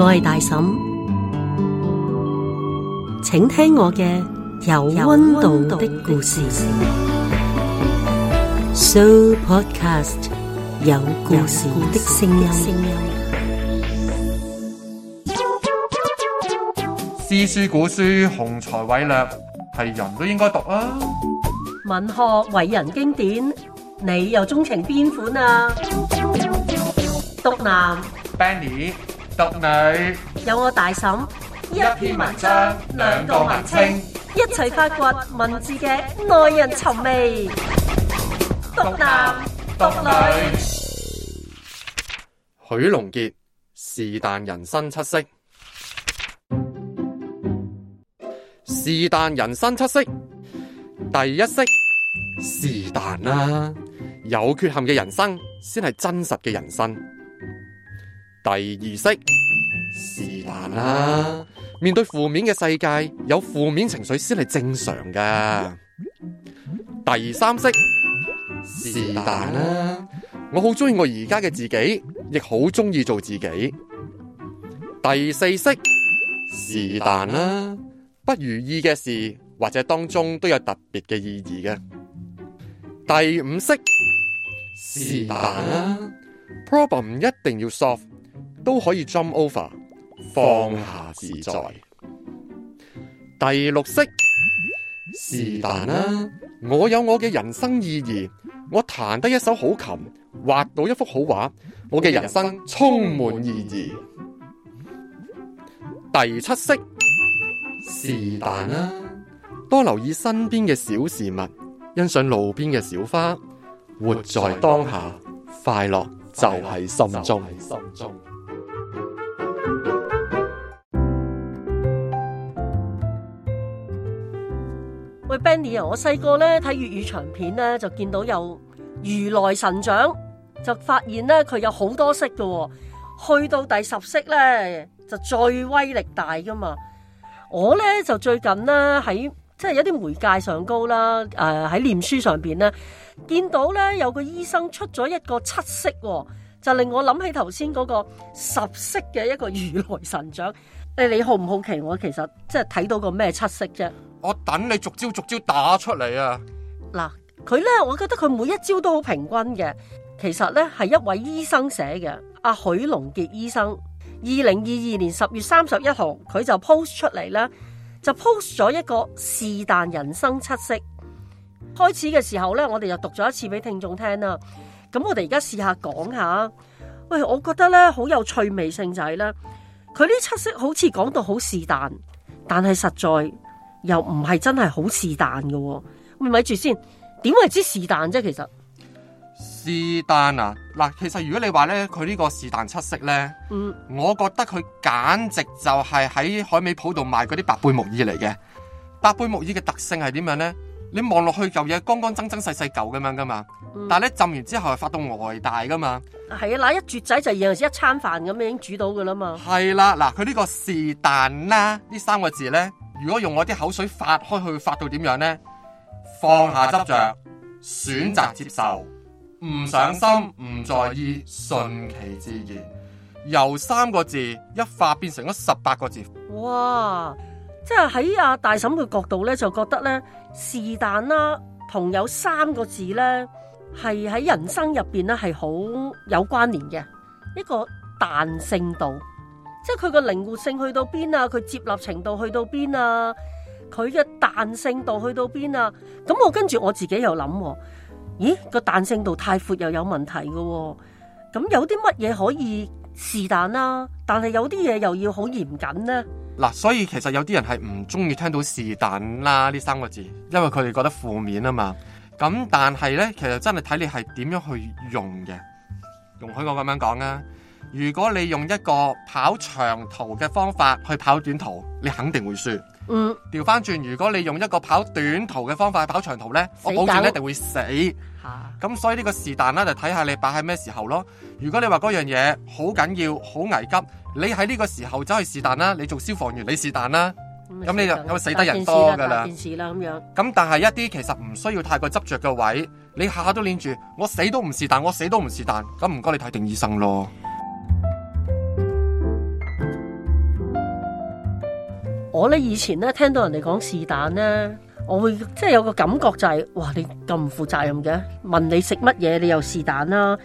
我係大嬸，請聽我嘅有溫度的故事。故事 So Podcast 有故事的聲音。聲音詩書古書，雄才偉略係人都應該讀啊！文學偉人經典，你又鍾情邊款啊？讀男，Benny。Benny? 獨女有我大嬸，一篇文章兩個文青，一齊發掘文字嘅耐人尋味。獨男獨女，獨男獨女許龍杰，是但人生七色，是但人生七色，第一色是但啦，有缺陷嘅人生先係真實嘅人生。第二式是但啦，面對負面嘅世界，有負面情緒先係正常噶。第三式是但啦，我好中意我而家嘅自己，亦好中意做自己。第四式是但啦，不如意嘅事或者當中都有特別嘅意義嘅。第五式是但啦，problem 一定要 solve。都可以 jump over，放下自在。自在第六式。是但啦，我有我嘅人生意義，我彈得一手好琴，畫到一幅好畫，我嘅人生充滿意義。意義第七式，是但啦，多留意身邊嘅小事物，欣賞路邊嘅小花，活在當下，快樂就喺心中。Beni 啊！Benny, 我細個咧睇粵語長片咧，就見到有如來神掌，就發現咧佢有好多色㗎。去到第十色咧，就最威力大㗎嘛。我咧就最近咧喺，即係有啲媒介上高啦，誒、呃、喺念書上邊咧，見到咧有個醫生出咗一個七色，就令我諗起頭先嗰個十色嘅一個如來神掌。誒，你好唔好奇？我其實即係睇到個咩七色啫？我等你逐招逐招打出嚟啊！嗱，佢呢，我覺得佢每一招都好平均嘅。其實呢，係一位醫生寫嘅，阿許龍杰醫生。二零二二年十月三十一號，佢就 post 出嚟啦，就 post 咗一個是但人生七色。開始嘅時候呢，我哋就讀咗一次俾聽眾聽啦。咁我哋而家試下講下。喂，我覺得呢，好有趣味性就係、是、咧，佢呢七色好似講到好是但，但係實在。又唔係真係好是但嘅，咪住先，點為之是但啫？其實是但啊，嗱，其實如果你話咧，佢呢個是但七色咧，嗯，我覺得佢簡直就係喺海美舖度賣嗰啲白貝木耳嚟嘅。白貝木耳嘅特性係點樣咧？你望落去嚿嘢，乾乾淨淨細細嚿咁樣噶嘛，但係咧浸完之後係發到外大噶嘛。係啊，嗱，一絕仔就有陣時一餐飯咁樣已經煮到噶啦嘛。係啦，嗱，佢呢個是但啦，呢三個字咧。如果用我啲口水發開去發到點樣呢？放下執着，選擇接受，唔上心，唔在意，順其自然。由三個字一發變成咗十八個字，哇！即係喺阿大嬸嘅角度呢，就覺得呢，是但啦，同有三個字呢，係喺人生入邊呢，係好有關聯嘅一個彈性度。即係佢個靈活性去到邊啊，佢接納程度去到邊啊，佢嘅彈性度去到邊啊？咁我跟住我自己又諗喎，咦個彈性度太闊又有問題嘅喎，咁有啲乜嘢可以是但啦？但係有啲嘢又要好嚴謹呢？嗱，所以其實有啲人係唔中意聽到是但啦呢三個字，因為佢哋覺得負面啊嘛。咁但係呢，其實真係睇你係點樣去用嘅，容許我咁樣講啊。如果你用一個跑長途嘅方法去跑短途，你肯定會輸。嗯，調翻轉，如果你用一個跑短途嘅方法去跑長途呢，狗我保證一定會死。吓、啊，咁所以呢個是但啦，就睇下你擺喺咩時候咯。如果你話嗰樣嘢好緊要、好危急，你喺呢個時候走去是但啦，你做消防員你是但啦，咁、嗯、你就咁死得人多噶啦。咁但係一啲其實唔需要太過執着嘅位，你下下都黏住「我死都唔是但」，我死都唔是但，咁唔該你睇定醫生咯。我咧以前咧聽到人哋講是但咧，我會即係有個感覺就係、是，哇你咁唔負責任嘅，問你食乜嘢你又是但啦，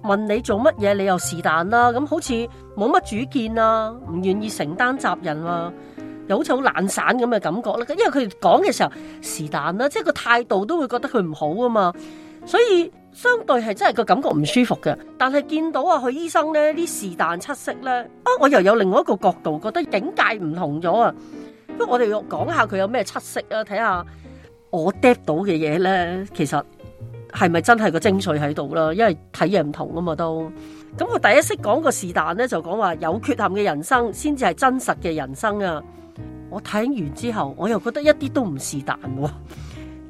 問你做乜嘢你又是但啦，咁好似冇乜主見啊，唔願意承擔責任啊，又好似好懶散咁嘅感覺啦。因為佢哋講嘅時候是但啦，即係個態度都會覺得佢唔好啊嘛，所以相對係真係個感覺唔舒服嘅。但係見到啊許醫生咧啲是但七色咧，啊我又有另外一個角度覺得境界唔同咗啊。不過我哋要講下佢有咩七色啊？睇下我 decode 到嘅嘢咧，其實係咪真係個精髓喺度啦？因為睇嘢唔同啊嘛，都咁佢第一識講個是但咧，就講話有缺陷嘅人生先至係真實嘅人生啊！我睇完之後，我又覺得一啲都唔、啊、 是但，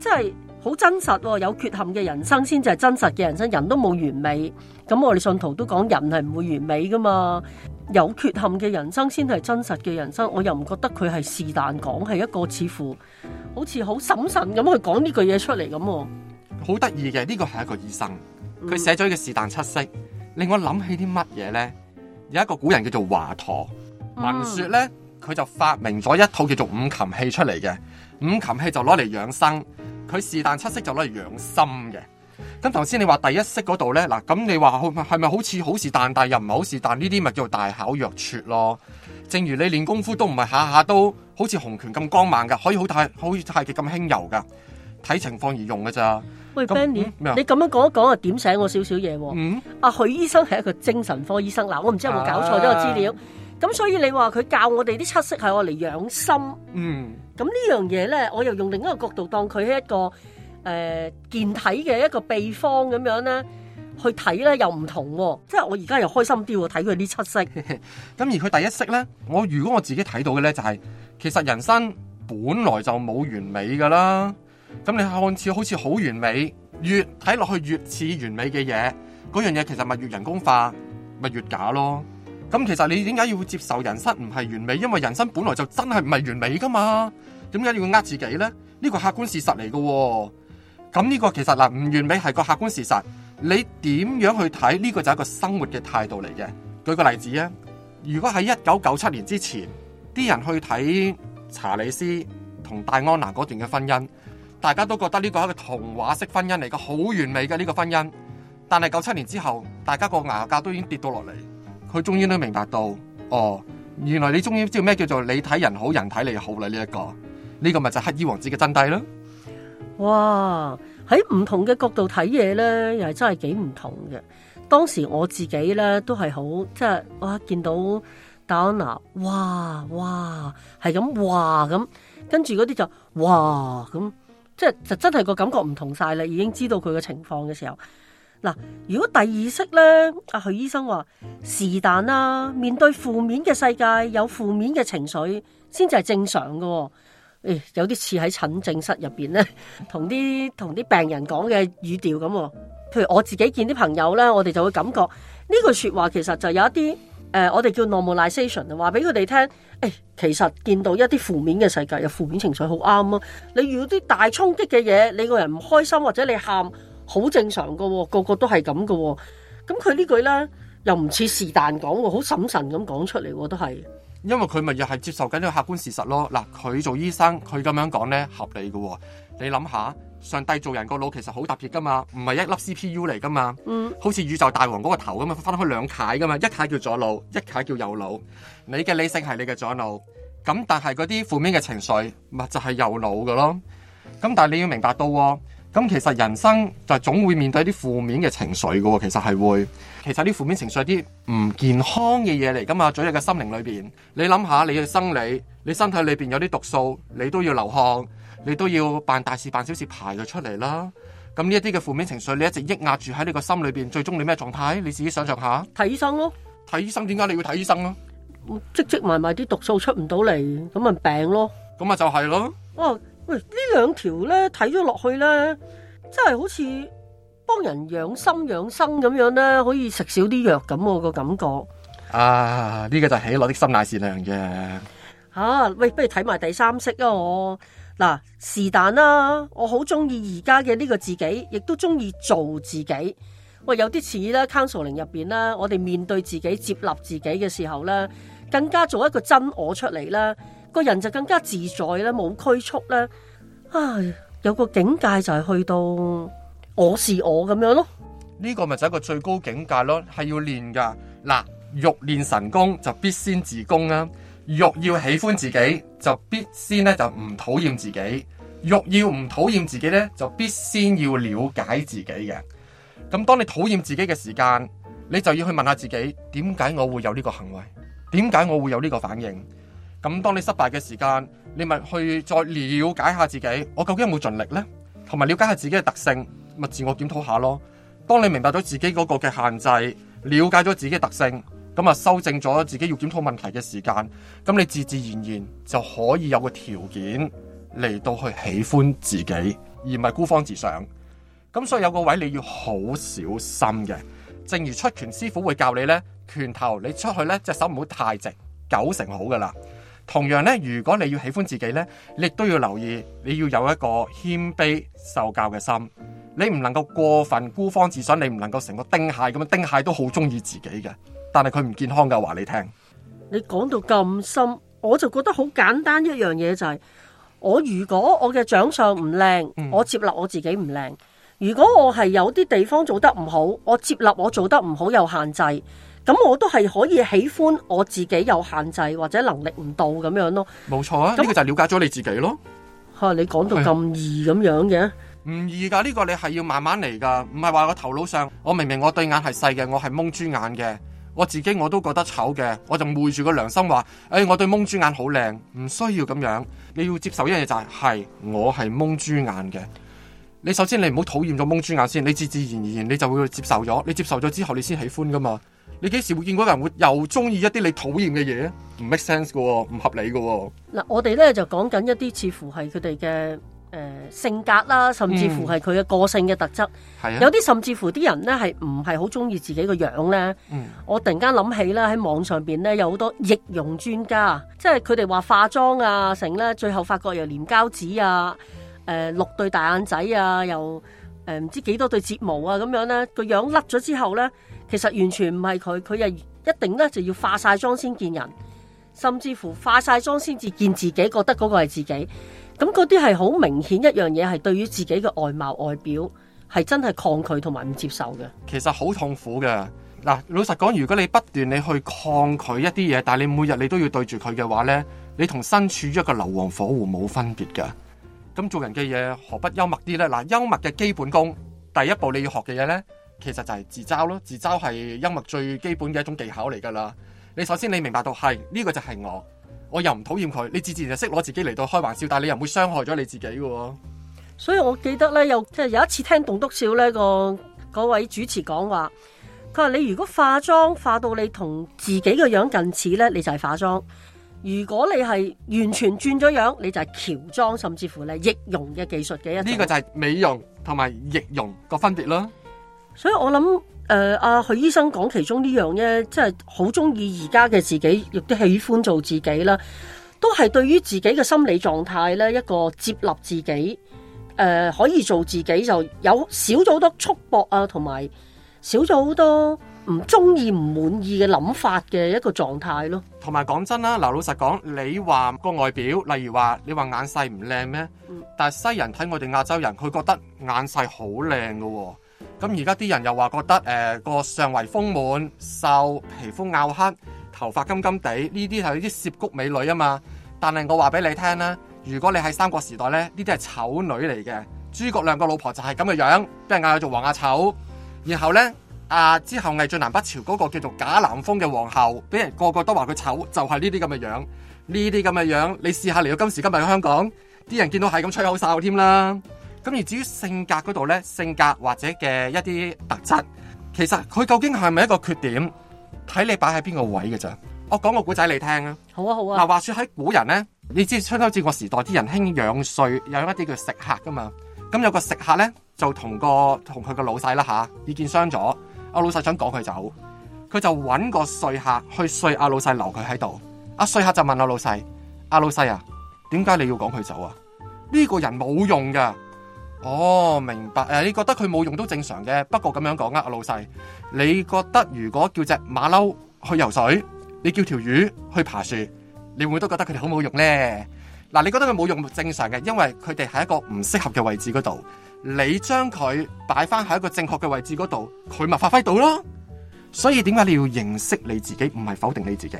即係好真實、啊，有缺陷嘅人生先至係真實嘅人生。人都冇完美，咁我哋信徒都講人係唔會完美噶嘛。有缺陷嘅人生先係真實嘅人生，我又唔覺得佢係是但講，係一個似乎好似好審慎咁去講呢句嘢出嚟咁，好得意嘅呢個係一個醫生，佢寫咗一個是但七式，令我諗起啲乜嘢咧？有一個古人叫做華佗，聞說咧佢就發明咗一套叫做五禽戲出嚟嘅，五禽戲就攞嚟養生，佢是但七式就攞嚟養心嘅。咁頭先你話第一式嗰度咧，嗱，咁你話好係咪好似好事但但又唔係好事但呢啲咪叫大巧若拙咯？正如你練功夫都唔係下下都好似洪拳咁光猛噶，可以好太好似太極咁輕柔噶，睇情況而用噶咋？喂 Benny 你咁樣講一講啊，點醒我少少嘢喎？阿、嗯啊、許醫生係一個精神科醫生，嗱，我唔知有冇搞錯呢個資料。咁、哎、所以你話佢教我哋啲七色係我嚟養心。嗯，咁呢樣嘢咧，我又用另一個角度當佢係一個。誒、呃，健體嘅一個秘方咁樣咧，去睇咧又唔同，即係我而家又開心啲，睇佢呢七色。咁 而佢第一色咧，我如果我自己睇到嘅咧、就是，就係其實人生本來就冇完美噶啦。咁你看似好似好完美，越睇落去越似完美嘅嘢，嗰樣嘢其實咪越人工化，咪、就是、越假咯。咁其實你點解要接受人生唔係完美？因為人生本來就真係唔係完美噶嘛。點解要呃自己咧？呢、呢個客觀事實嚟噶。咁呢個其實嗱，唔完美係個客觀事實，你點樣去睇呢個就係一個生活嘅態度嚟嘅。舉個例子啊，如果喺一九九七年之前，啲人去睇查理斯同戴安娜嗰段嘅婚姻，大家都覺得呢個係一個童話式婚姻嚟，個好完美嘅呢個婚姻。但係九七年之後，大家個牙架都已經跌到落嚟，佢終於都明白到，哦，原來你終於知道咩叫做你睇人好人睇你好啦呢一個，呢個咪就係黑衣王子嘅真諦咯。哇！喺唔同嘅角度睇嘢咧，又係真係幾唔同嘅。當時我自己咧都係好，即係哇，見到戴安娜，n a 哇哇，係咁哇咁，跟住嗰啲就哇咁，即係就真係個感覺唔同晒啦。已經知道佢嘅情況嘅時候，嗱，如果第二式咧，阿、啊、許醫生話是但啦，面對負面嘅世界，有負面嘅情緒先至係正常嘅、哦。誒，有啲似喺診症室入邊咧，同啲同啲病人講嘅語調咁、啊。譬如我自己見啲朋友咧，我哋就會感覺呢句說話其實就有一啲誒、呃，我哋叫 normalization 啊，話俾佢哋聽。誒，其實見到一啲負面嘅世界，有負面情緒好啱啊。你遇到啲大衝擊嘅嘢，你個人唔開心或者你喊，好正常噶、啊，個個都係咁噶。咁佢呢句咧又唔似、啊、是但講，好審慎咁講出嚟，我都係。因為佢咪又係接受緊呢個客觀事實咯，嗱，佢做醫生佢咁樣講呢，合理嘅、哦，你諗下，上帝做人個腦其實好特別噶嘛，唔係一粒 C P U 嚟噶嘛，嗯，好似宇宙大王嗰個頭咁啊，佢分開兩楷噶嘛，一楷叫左腦，一楷叫右腦，你嘅理性係你嘅左腦，咁但係嗰啲負面嘅情緒咪就係右腦嘅咯，咁但係你要明白到、哦。咁其實人生就係總會面對啲負面嘅情緒噶喎，其實係會，其實啲負面情緒啲唔健康嘅嘢嚟噶嘛，咗你嘅心靈裏邊，你諗下你嘅生理，你身體裏邊有啲毒素，你都要流汗，你都要辦大事辦小事排咗出嚟啦。咁呢一啲嘅負面情緒，你一直抑壓住喺你個心裏邊，最終你咩狀態？你自己想象下，睇醫生咯，睇醫生點解你要睇醫生咯、啊？積積埋埋啲毒素出唔到嚟，咁咪病咯。咁咪就係咯。哦、啊。喂，呢兩條咧睇咗落去咧，真係好似幫人養心養生咁樣咧，可以食少啲藥咁個感覺。啊，呢、這個就喜樂的心乃善良嘅。吓、啊，喂，不如睇埋第三式啊！我嗱是但啦，我好中意而家嘅呢個自己，亦都中意做自己。喂，有啲似啦，counseling 入邊啦，我哋面對自己、接納自己嘅時候咧，更加做一個真我出嚟啦。個人就更加自在咧，冇拘束咧。啊，有個境界就係去到我是我咁樣咯。呢個咪就係一個最高境界咯，係要練噶。嗱，欲練神功就必先自宮啊。欲要喜歡自己就必先咧就唔討厭自己。欲要唔討厭自己咧就必先要了解自己嘅。咁當你討厭自己嘅時間，你就要去問下自己，點解我會有呢個行為？點解我會有呢個反應？咁，當你失敗嘅時間，你咪去再了解下自己，我究竟有冇盡力呢？同埋了解下自己嘅特性，咪自我檢討下咯。當你明白咗自己嗰個嘅限制，了解咗自己嘅特性，咁啊修正咗自己要檢討問題嘅時間，咁你自自然然就可以有個條件嚟到去喜歡自己，而唔係孤芳自賞。咁所以有個位你要好小心嘅，正如出拳師傅會教你呢，拳頭你出去呢隻手唔好太直，九成好噶啦。同樣咧，如果你要喜歡自己咧，你亦都要留意，你要有一個謙卑受教嘅心。你唔能夠過分孤芳自賞，你唔能夠成個丁蟹咁樣，丁蟹都好鍾意自己嘅，但係佢唔健康嘅。話你聽，你講到咁深，我就覺得好簡單一樣嘢就係，我如果我嘅長相唔靚，我接納我自己唔靚。如果我係有啲地方做得唔好，我接納我做得唔好有限制，咁我都係可以喜歡我自己有限制或者能力唔到咁樣咯。冇錯啊，呢個就係了解咗你自己咯。吓，你講到咁易咁樣嘅？唔易噶，呢個你係要慢慢嚟噶，唔係話我頭腦上，我明明我對眼係細嘅，我係蒙豬眼嘅，我自己我都覺得醜嘅，我就昧住個良心話，誒，我對蒙豬眼好靚，唔需要咁樣。你要接受一樣嘢就係，係我係蒙豬眼嘅。你首先你唔好討厭咗蒙住眼先，你自自然然你就會接受咗，你接受咗之後你先喜歡噶嘛？你幾時會見嗰個人會又中意一啲你討厭嘅嘢？唔 make sense 噶、哦，唔合理噶、哦。嗱、嗯，我哋咧就講緊一啲似乎係佢哋嘅誒性格啦，甚至乎係佢嘅個性嘅特質。係啊，有啲甚至乎啲人咧係唔係好中意自己個樣咧？嗯，我突然間諗起咧喺網上邊咧有好多易容專家，即係佢哋話化妝啊成咧，最後發覺又黏膠紙啊。誒、呃，六對大眼仔啊，又誒唔、呃、知幾多對睫毛啊，咁樣咧個樣甩咗之後咧，其實完全唔係佢，佢係一定咧就要化晒妝先見人，甚至乎化晒妝先至見自己，覺得嗰個係自己。咁嗰啲係好明顯一樣嘢，係對於自己嘅外貌外表係真係抗拒同埋唔接受嘅。其實好痛苦嘅。嗱，老實講，如果你不斷你去抗拒一啲嘢，但係你每日你都要對住佢嘅話咧，你同身處於一個硫磺火湖冇分別噶。咁做人嘅嘢，何不幽默啲呢？嗱，幽默嘅基本功，第一步你要學嘅嘢呢，其實就係自嘲咯。自嘲係幽默最基本嘅一種技巧嚟噶啦。你首先你明白到係呢個就係我，我又唔討厭佢。你自自然就識攞自己嚟到開玩笑，但係你又唔會傷害咗你自己噶。所以我記得呢，又即係有一次聽棟篤笑呢個位主持講話，佢話你如果化妝化到你同自己個樣近似呢，你就係化妝。如果你係完全轉咗樣，你就係喬裝，甚至乎咧易容嘅技術嘅一呢個就係美容同埋易容個分別咯。所以我諗，誒、呃，阿、啊、許醫生講其中呢樣咧，即係好中意而家嘅自己，亦都喜歡做自己啦，都係對於自己嘅心理狀態咧一個接納自己，誒、呃，可以做自己就有少咗好多束縛啊，同埋少咗好多。唔中意、唔滿意嘅諗法嘅一個狀態咯。同埋講真啦，嗱，老實講，你話個外表，例如話你話眼細唔靚咩？嗯、但係西人睇我哋亞洲人，佢覺得眼細好靚噶喎。咁而家啲人又話覺得誒、呃、個上圍豐滿、瘦、皮膚拗黑、頭髮金金地，呢啲係啲涉谷美女啊嘛。但係我話俾你聽啦，如果你喺三國時代咧，呢啲係醜女嚟嘅。諸葛亮個老婆就係咁嘅樣，俾人嗌佢做黃阿醜。然後呢。啊！之後魏晉南北朝嗰個叫做賈南風嘅皇后，俾人個個都話佢醜，就係呢啲咁嘅樣，呢啲咁嘅樣，你試下嚟到今時今日嘅香港，啲人見到係咁吹口哨添啦。咁而至於性格嗰度咧，性格或者嘅一啲特質，其實佢究竟係咪一個缺點，睇你擺喺邊個位嘅咋？我講個故仔你聽啊。好啊好啊。嗱，話說喺古人咧，你知春秋戰國時代啲人興養士，有一啲叫食客噶嘛。咁有個食客咧，就同個同佢個老細啦嚇，意見相左。阿老細想趕佢走，佢就揾個說客去說阿老細留佢喺度。阿說客就問阿老細：阿老細啊，點解你要趕佢走啊？呢、這個人冇用噶。哦，明白。誒、呃，你覺得佢冇用都正常嘅，不過咁樣講啊，阿老細，你覺得如果叫隻馬騮去游水，你叫條魚去爬樹，你會唔會都覺得佢哋好冇用呢？」嗱，你覺得佢冇用正常嘅，因為佢哋喺一個唔適合嘅位置嗰度，你將佢擺翻喺一個正確嘅位置嗰度，佢咪發揮到咯。所以點解你要認識你自己？唔係否定你自己。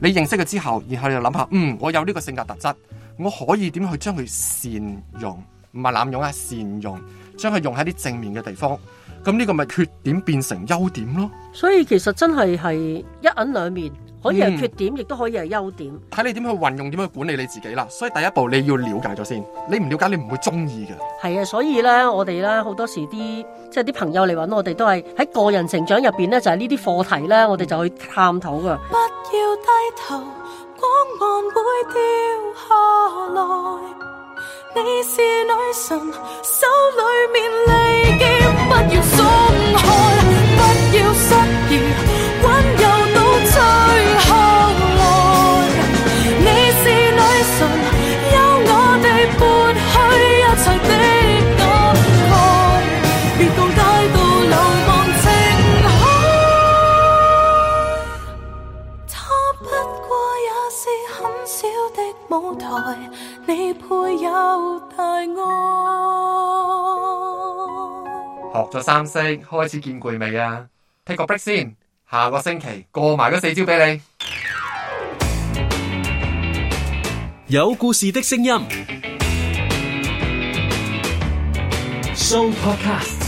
你認識咗之後，然後你就諗下，嗯，我有呢個性格特質，我可以點去將佢善用，唔係濫用啊，善用，將佢用喺啲正面嘅地方。咁呢個咪缺點變成優點咯？所以其實真係係一銀兩面，可以係缺點，亦都可以係優點，睇、嗯、你點去運用，點去管理你自己啦。所以第一步你要了解咗先，你唔了解你唔會中意噶。係啊，所以咧，我哋咧好多時啲即係啲朋友嚟揾我哋都係喺個人成長入邊咧，就係呢啲課題咧，我哋就去探討噶。不要低頭，光芒會掉下來。你是女神，手裏面利劍，不要鬆開，不要鬆。學咗三式，開始見攰未啊？踢個 break 先，下個星期過埋嗰四招俾你。有故事嘅聲音，Show Podcast。